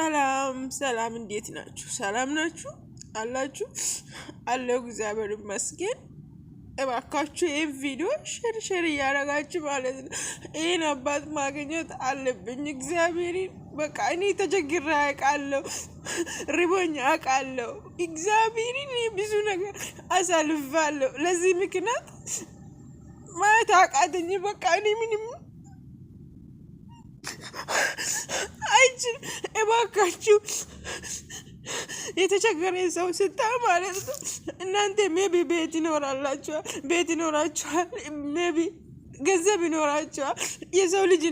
ሰላም ሰላም፣ እንዴት ናችሁ? ሰላም ናችሁ አላችሁ አለው። እግዚአብሔር ይመስገን። እባካችሁ ይህን ቪዲዮ ሸር ሸር እያደረጋችሁ ማለት ነው። ይህን አባት ማግኘት አለብኝ። እግዚአብሔርን በቃ እኔ ተቸግሬ አውቃለሁ፣ ርቦኝ አውቃለሁ። እግዚአብሔርን ብዙ ነገር አሳልፋለሁ። ለዚህ ምክንያት ማየት አቃተኝ። በቃ እኔ ምንም እባካችሁ የተቸገረ ሰው ስታ ማለት ነው። እናንተ ሜቢ ቤት ይኖራላችኋል፣ ቤት ይኖራችኋል፣ ሜቢ ገንዘብ ይኖራችኋል። የሰው ልጅ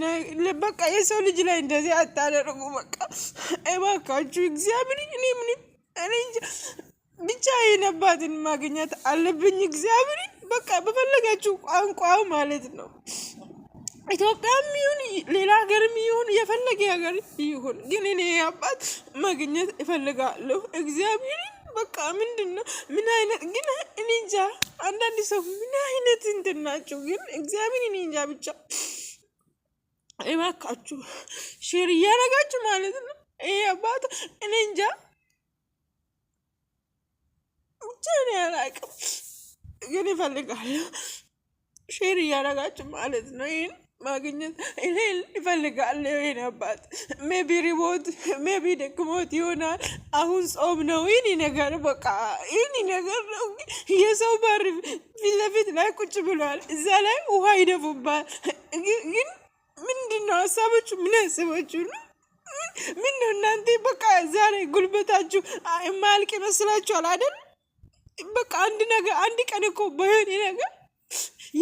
በቃ የሰው ልጅ ላይ እንደዚህ አታደርጉ። በቃ እባካችሁ እግዚአብሔር እኔ ምን እኔ ብቻ የነባትን ማግኘት አለብኝ። እግዚአብሔር በቃ በፈለጋችሁ ቋንቋ ማለት ነው ኢትዮጵያም ይሁን ሌላ ሀገርም ይሁን የፈለገ ሀገር ይሁን ግን እኔ አባት መግኘት እፈልጋለሁ። እግዚአብሔር በቃ ምንድን ነው ምን አይነት ግን እኔ እንጃ። አንዳንድ ሰው ምን አይነት እንትን ናቸው ግን እግዚአብሔር እኔ እንጃ። ብቻ እባካችሁ ሼር እያደረጋችሁ ማለት ነው። ይሄ አባት እኔ እንጃ ብቻ እኔ አላቅም ግን እፈልጋለሁ ሼር እያደረጋችሁ ማለት ነው ይህን ማግኘት ይሄን ይፈልጋል። ይሄን አባት ሜቢ ሪሞት ሜቢ ደክሞት ይሆናል። አሁን ጾም ነው። ይህኒ ነገር በቃ ይህኒ ነገር ነው። የሰው በር ፊት ለፊት ላይ ቁጭ ብሏል። እዛ ላይ ውሃ ይደፉባል። ግን ምንድን ነው ሀሳቦቹ? ምን ያስባችሁ ነው? ምን ነው እናንተ በቃ ዛሬ ጉልበታችሁ የማያልቅ ይመስላችኋል አይደል? በቃ አንድ ነገር አንድ ቀን እኮ በሆኔ ነገር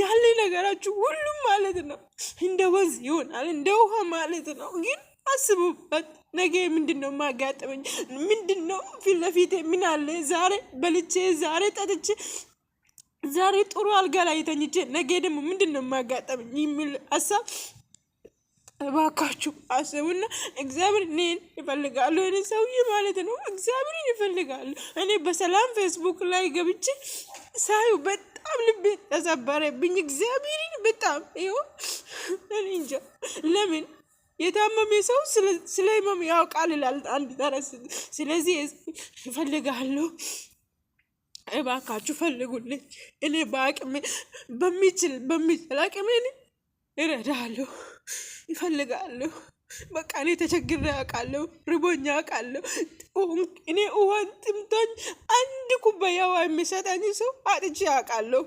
ያለ ነገራችሁ ሁሉም ማለት ነው እንደ ወዝ ይሆናል፣ እንደ ውሃ ማለት ነው። ግን አስቡበት፣ ነገ ምንድን ነው ማጋጠመኝ? ምንድን ነው ፊት ለፊቴ? ምን አለ ዛሬ በልቼ፣ ዛሬ ጠጥቼ፣ ዛሬ ጥሩ አልጋ ላይ ተኝቼ፣ ነገ ደግሞ ምንድን ነው ማጋጠመኝ የሚል ሀሳብ እባካችሁ አስቡና፣ እግዚአብሔር እኔን ይፈልጋሉ። እኔ ሰውዬ ማለት ነው እግዚአብሔርን ይፈልጋሉ። እኔ በሰላም ፌስቡክ ላይ ገብቼ ሳዩ በጣም ልብ ተሰበረብኝ። እግዚአብሔርን በጣም ይኸው እንጃ ለምን የታመመ ሰው ስለ ህመም ያውቃል ይላል አንድ ተረስ። ስለዚህ ይፈልጋሉ፣ እባካችሁ ፈልጉልኝ። እኔ በአቅሜ በሚችል በሚችል አቅሜን እረዳለሁ፣ ይፈልጋለሁ በቃ እኔ ተቸግሬ አውቃለሁ፣ ርቦኛ አውቃለሁ። እኔ ውሃን ጥምቶኝ አንድ ኩባያ ውሃ የሚሰጠኝ ሰው አጥቼ አውቃለሁ።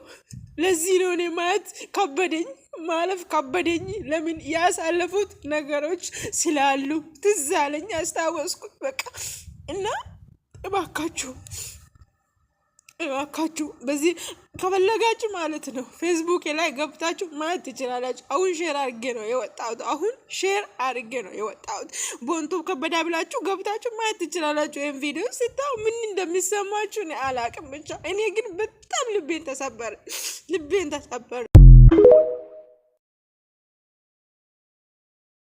ለዚህ ነው እኔ ማለት ከበደኝ፣ ማለፍ ከበደኝ። ለምን ያሳለፉት ነገሮች ስላሉ ትዝ አለኝ፣ አስታወስኩት። በቃ እና እባካችሁ እባካችሁ በዚህ ከፈለጋችሁ ማለት ነው ፌስቡክ ላይ ገብታችሁ ማየት ትችላላችሁ። አሁን ሼር አድርጌ ነው የወጣሁት። አሁን ሼር አድርጌ ነው የወጣሁት። ቦንቶ ከበዳ ብላችሁ ገብታችሁ ማየት ትችላላችሁ። ይህን ቪዲዮ ስታው ምን እንደሚሰማችሁ እኔ አላቅም። ብቻ እኔ ግን በጣም ልቤን ተሰበረ፣ ልቤን ተሰበረ።